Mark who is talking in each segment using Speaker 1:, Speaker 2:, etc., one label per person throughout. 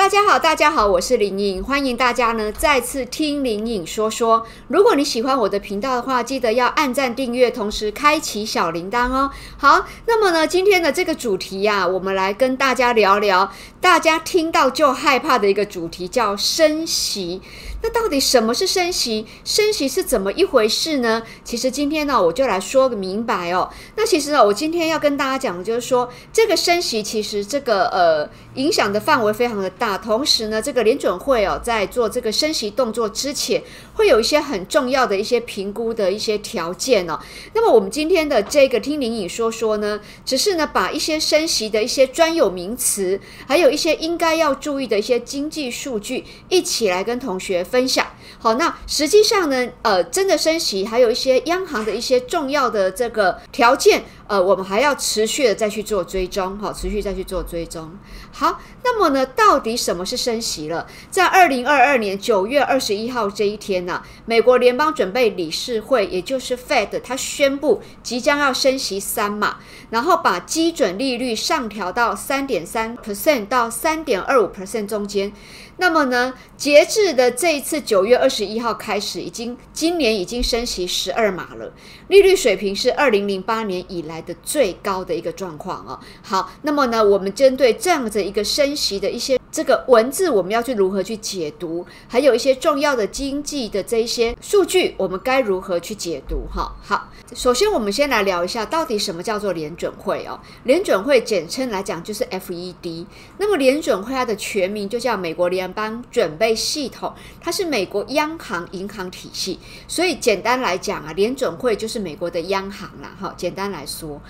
Speaker 1: 大家好，大家好，我是林穎，歡迎大家呢再次聽林穎說說。如果你喜歡我的頻道的話，記得要按讚、訂閱，同時開啟小鈴鐺哦。好，那麼呢，今天的這個主題呀、啊，我們來跟大家聊聊大家聽到就害怕的一個主題，叫升息。那到底什麼是升息？升息是怎麼一回事呢？其實今天呢，我就來說個明白哦。那其實呢，我今天要跟大家講的就是說，這個升息其實這個，呃，影響的範圍非常的大，同時呢，這個聯準會哦，在做這個升息動作之前。會有一些很重要的一些評估的一些條件哦。那麼我們今天的這個聽林穎說說呢，只是呢把一些升息的一些專有名詞，還有一些應該要注意的一些經濟數據，一起來跟同學分享。好，那實際上呢，呃，真的升息，還有一些央行的一些重要的這個條件，呃，我們還要持續的再去做追蹤，好，持續再去做追蹤。好，那麼呢，到底什麼是升息了？在二零二二年九月二十一號這一天呢，美國聯邦準備理事會，也就是 Fed，它宣布即將要升息三碼，然後把基準利率上調到三點三 percent 到三點二五 percent 中間。那麼呢，截至的這一次九月二十一號開始，已經今年已經升息十二碼了，利率水平是二零零八年以來的最高的一個狀況哦。好，那麼呢，我們針對這樣子一個升息的一些。這個文字我們要去如何去解讀，還有一些重要的經濟的這些數據，我們該如何去解讀？哈、哦，好，首先我們先來聊一下，到底什麼叫做聯準會哦？聯準會簡稱來講就是 FED。那麼聯準會它的全名就叫美國聯邦準備系統，它是美國央行銀行體系。所以簡單來講啊，聯準會就是美國的央行啦。哈、哦，簡單來說，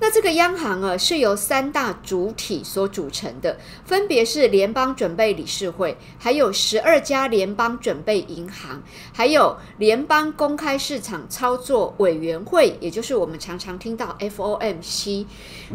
Speaker 1: 那這個央行啊是由三大主體所組成的，分別是聯聯邦準備理事會，還有十二家聯邦準備銀行，還有聯邦公開市場操作委員會，也就是我們常常聽到 FOMC。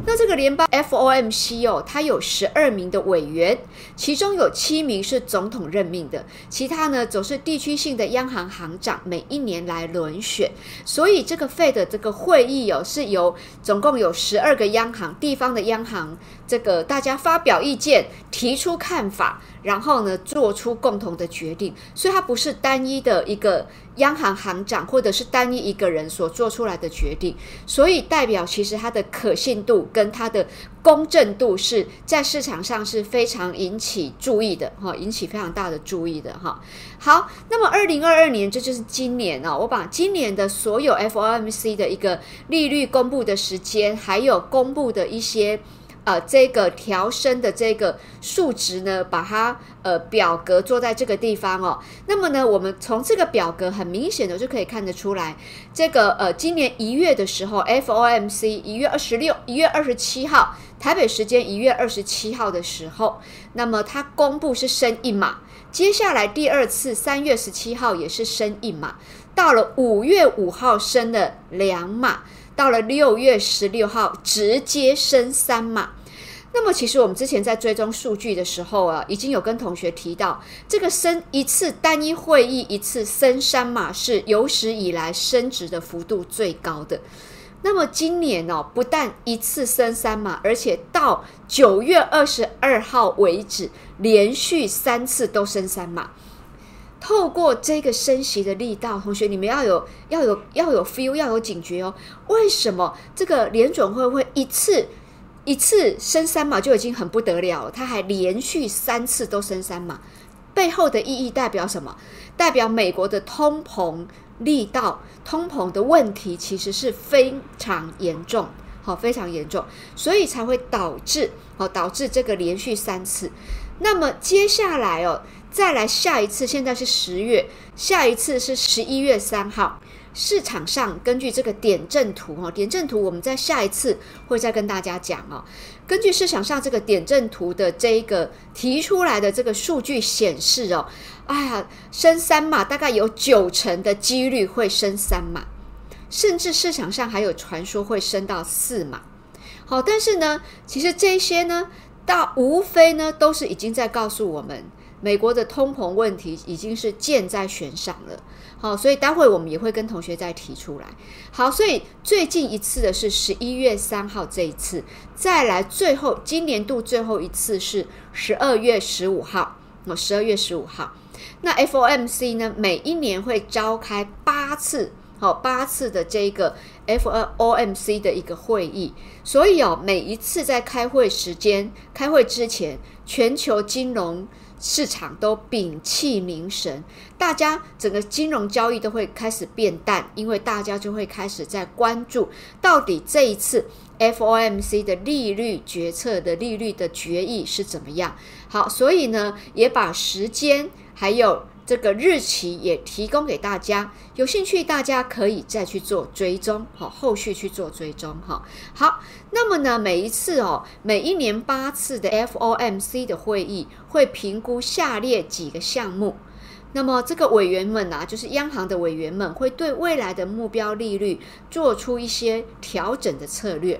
Speaker 1: 那這個聯邦 FOMC 哦，它有十二名的委員，其中有七名是總統任命的，其他呢則是地區性的央行行長每一年來輪選。所以這個 FED 這個會議哦，是由總共有十二個央行、地方的央行，這個大家發表意見、提出看法，然後呢，做出共同的決定，所以它不是單一的一個央行行長，或者是單一一個人所做出來的決定，所以代表其實它的可信度跟它的公正度是在市場上是非常引起注意的哈，引起非常大的注意的哈。好，那麼二零二二年，這就，就是今年哦，我把今年的所有 FOMC 的一個利率公布的時間，還有公布的一些。呃，這個調升的這個數值呢，把它呃表格，做在這個地方哦。那麼呢，我們從這個表格很明顯的就可以看得出來，這個呃今年一月的時候，FOMC 一月二十六、一月二十七號，台北時間一月二十七號的時候，那麼它公布是升一碼。接下來第二次三月十七號也是升一碼，到了五月五號升了兩碼。到了六月十六號，直接升三碼。那麼，其實我們之前在追蹤數據的時候啊，已經有跟同學提到，這個升一次單一會議一次升三碼是有史以來升值的幅度最高的。那麼今年哦，不但一次升三碼，而且到九月二十二號為止，連續三次都升三碼。透過這個升息的力道，同學，你們要有要有要有 feel，要有警覺哦。為什麼這個聯準會會一次一次升三碼就已經很不得了了？它還連續三次都升三碼，背後的意義代表什麼？代表美國的通膨力道，通膨的問題其實是非常嚴重，好，非常嚴重，所以才會導致好導致這個連續三次。那麼接下來哦。再來下一次，現在是十月，下一次是十一月三號。市場上根據這個點陣圖哦，點陣圖我們在下一次會再跟大家講哦。根據市場上這個點陣圖的這一個提出來的這個數據顯示哦，哎呀，升三碼大概有九成的幾率會升三碼，甚至市場上還有傳說會升到四碼。好，但是呢，其實這些呢，倒無非呢，都是已經在告訴我們。美國的通膨問題已經是箭在弦上了，好，所以待會我們也會跟同學再提出來。好，所以最近一次的是十一月三號這一次，再來最後，今年度最後一次是十二月十五號。哦，十二月十五號，那 FOMC 呢？每一年會召開八次，好，八次的這個 FOMC 的一個會議。所以哦，每一次在開會時間，開會之前，全球金融。市場都屏氣凝神，大家整個金融交易都會開始變淡，因為大家就會開始在關注到底這一次 FOMC 的利率決策的利率的決議是怎麼樣。好，所以呢，也把時間還有。這個日期也提供給大家，有興趣大家可以再去做追蹤，哈，後續去做追蹤，哈。好，那麼呢，每一次哦，每一年八次的 FOMC 的會議會評估下列幾個項目，那麼這個委員們啊，就是央行的委員們，會對未來的目標利率做出一些調整的策略。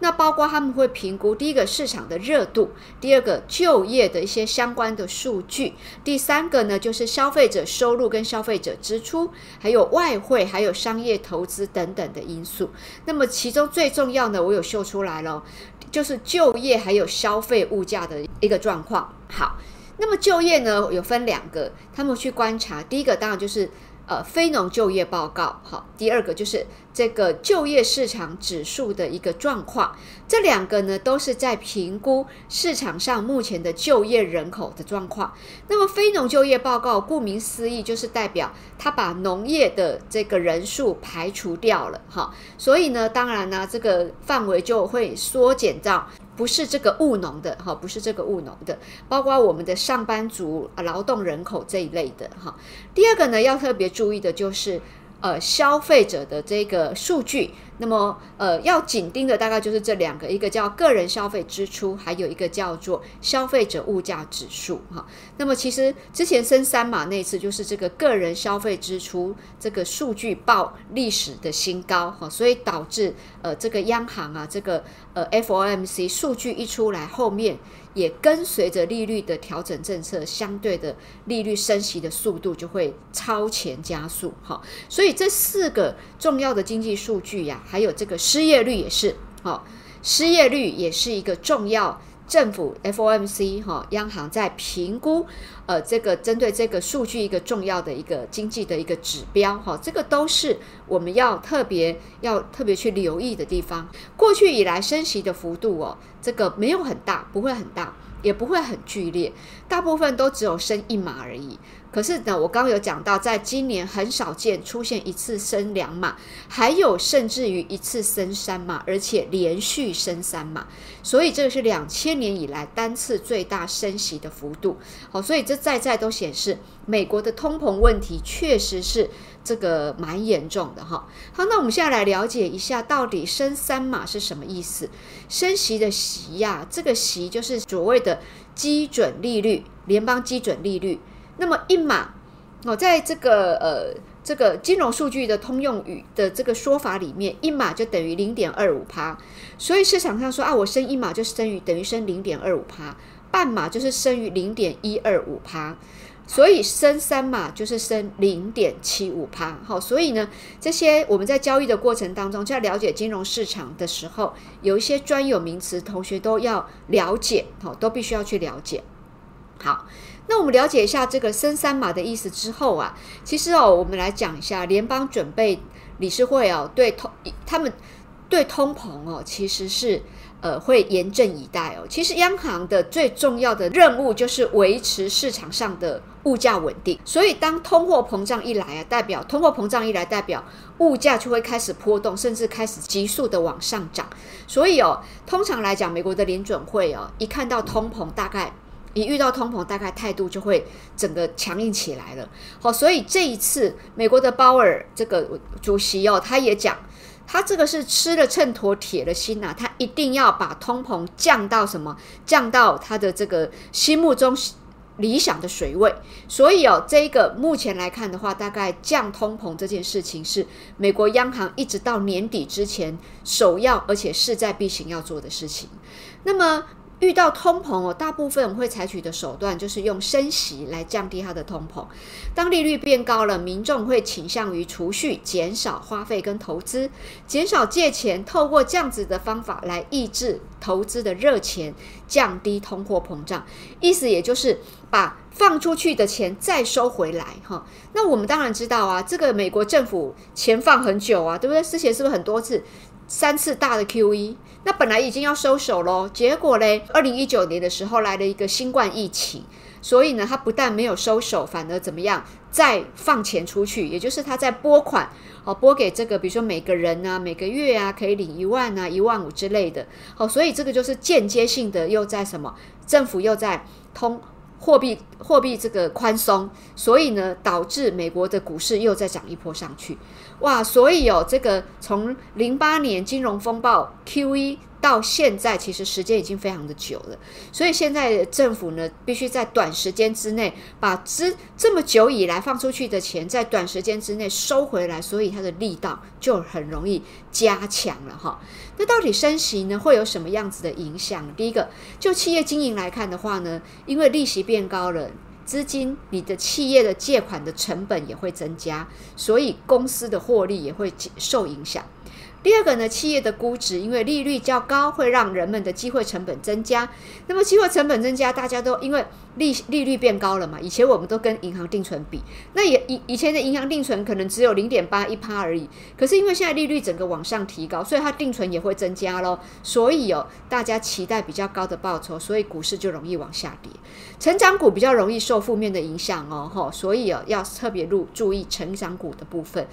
Speaker 1: 那包括他們會評估第一個市場的熱度，第二個就業的一些相關的數據，第三個呢，就是消費者收入跟消費者支出，還有外匯，還有商業投資等等的因素。那麼其中最重要呢，我有秀出來咯，就是就業還有消費物價的一個狀況。好，那麼就業呢有分兩個，他們去觀察，第一個當然就是。呃，非農就業報告，好，第二個就是這個就業市場指數的一個狀況，這兩個呢都是在評估市場上目前的就業人口的狀況。那麼非農就業報告，顧名思義就是代表他把農業的這個人數排除掉了，哈，所以呢，當然呢、啊，這個範圍就會縮減到。不是這個務農的哈，不是這個務農的，包括我們的上班族啊、勞動人口這一類的哈。第二個呢，要特別注意的就是。呃，消費者的這個數據，那麼呃，要緊盯的大概就是這兩個，一個叫個人消費支出，還有一個叫做消費者物價指數哈。那麼其實之前升三碼那次，就是這個個人消費支出這個數據爆歷史的新高哈，所以導致呃這個央行啊，這個呃 FOMC 數據一出來後面。也跟隨着利率的調整政策，相對的利率升息的速度就會超前加速，哈。所以這四個重要的經濟數據呀、啊，還有這個失業率也是，哈，失業率也是一個重要。政府 FOMC 哈，央行在評估，呃，這個針對這個數據一個重要的一個經濟的一個指標哈，這個都是我們要特別要特別去留意的地方。過去以來升息的幅度哦，這個沒有很大，不會很大。也不會很劇烈，大部分都只有升一碼而已。可是呢，我剛剛有講到，在今年很少見出現一次升兩碼，還有甚至於一次升三碼，而且連續升三碼。所以這個是兩千年以來單次最大升息的幅度。好，所以這再再都顯示，美國的通膨問題確實是。這個蠻嚴重的哈，好，那我們現在來了解一下，到底升三碼是什麼意思？升息的息呀，這個息就是所謂的基準利率，聯邦基準利率。那麼一碼，我在這個呃這個金融數據的通用語的這個說法裡面，一碼就等於零點二五趴，所以市場上說啊，我升一碼就升於等於升零點二五趴，半碼就是升於零點一二五趴。所以升三碼就是升零點七五趴，好、哦，所以呢，這些我們在交易的過程當中，在了解金融市場的時候，有一些專有名詞，同學都要了解，好、哦，都必須要去了解。好，那我們了解一下這個升三碼的意思之後啊，其實哦，我們來講一下聯邦準備理事會哦，對通他們對通膨哦，其實是呃會嚴陣以待哦。其實央行的最重要的任務就是維持市場上的。物價穩定，所以當通貨膨脹一來啊，代表通貨膨脹一來，代表物價就會開始波動，甚至開始急速的往上漲。所以哦，通常來講，美國的聯準會哦，一看到通膨，大概一遇到通膨，大概態度就會整個強硬起來了。好、哦，所以這一次美國的鮑爾這個主席哦，他也講，他這個是吃了秤砣鐵了心吶、啊，他一定要把通膨降到什麼，降到他的這個心目中。理想的水位，所以哦，這個目前來看的話，大概降通膨這件事情是美國央行一直到年底之前首要而且勢在必行要做的事情。那麼。遇到通膨哦，大部分我們會採取的手段就是用升息來降低它的通膨。當利率變高了，民眾會傾向於儲蓄、減少花費跟投資、減少借錢，透過這樣子的方法來抑制投資的熱錢，降低通貨膨脹。意思也就是把放出去的錢再收回來哈。那我們當然知道啊，這個美國政府錢放很久啊，對不對？之前是不是很多次？三次大的 QE，那本來已經要收手嘍，結果嘞，二零一九年的時候來了一個新冠疫情，所以呢，他不但沒有收手，反而怎麼樣，再放錢出去，也就是他在撥款，哦，撥給這個，比如說每個人啊，每個月啊可以領一萬啊、一萬五之類的，好、哦，所以這個就是間接性的又在什麼，政府又在通。貨幣貨幣這個寬鬆，所以呢，導致美國的股市又再漲一波上去，哇！所以有、哦、這個從零八年金融風暴 QE。到現在其實時間已經非常的久了，所以現在政府呢，必須在短時間之內把資這麼久以來放出去的錢在短時間之內收回來，所以它的力道就很容易加強了哈。那到底升息呢，會有什麼樣子的影響呢？第一個，就企業經營來看的話呢，因為利息變高了，資金你的企業的借款的成本也會增加，所以公司的獲利也會受影響。第二個呢，企業的估值，因為利率較高，會讓人們的機會成本增加。那麼機會成本增加，大家都因為利利率變高了嘛？以前我們都跟銀行定存比，那也以以前的銀行定存可能只有零點八一趴而已。可是因為現在利率整個往上提高，所以它定存也會增加咯。所以哦，大家期待比較高的報酬，所以股市就容易往下跌。成長股比較容易受負面的影響哦，哈、哦，所以哦要特別注注意成長股的部分。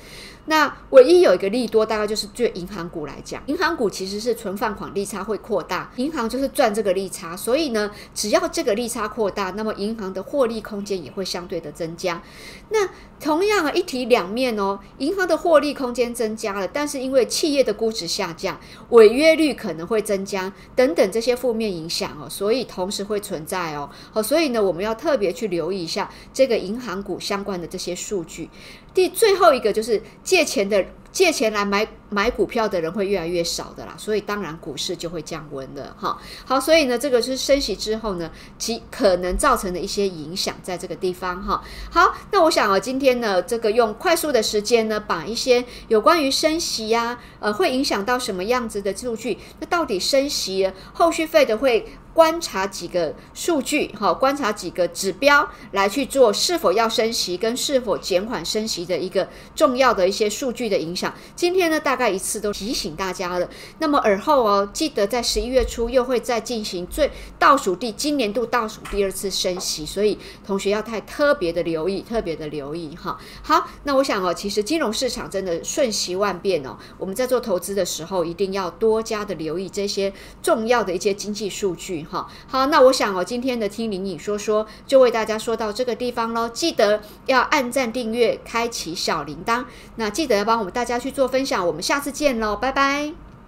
Speaker 1: 那唯一有一個利多，大概就是最。銀行股來講，銀行股其實是存放款利差會擴大，銀行就是賺這個利差，所以呢，只要這個利差擴大，那麼銀行的獲利空間也會相對的增加。那同樣啊，一體兩面哦，銀行的獲利空間增加了，但是因為企業的估值下降，違約率可能會增加等等這些負面影響哦，所以同時會存在哦，好、哦，所以呢，我們要特別去留意一下這個銀行股相關的這些數據。第最後一個就是借錢的借錢來買買股票的人會越來越少的啦，所以當然股市就會降溫的哈。好，所以呢，這個是升息之後呢，其可能造成的一些影響在這個地方哈。好，那我想啊，今天。天呢，這個用快速的時間呢，把一些有關於升息呀、啊，呃，會影響到什麼樣子的數據，那到底升息後續費的會觀察幾個數據哈，觀察幾個指標來去做是否要升息跟是否減緩升息的一個重要的一些數據的影響。今天呢，大概一次都提醒大家了。那麼而後哦，記得在十一月初又會再進行最倒數第今年度倒數第二次升息，所以同學要太特別的留意，特別的留意哈。好，那我想哦，其實金融市場真的瞬息萬變哦，我們在做投資的時候一定要多加的留意這些重要的一些經濟數據。好好，那我想哦，今天的聽林穎說說，就為大家說到這個地方嘍。記得要按讚、訂閱、開啟小鈴鐺，那記得要幫我們大家去做分享。我們下次見嘍，拜拜。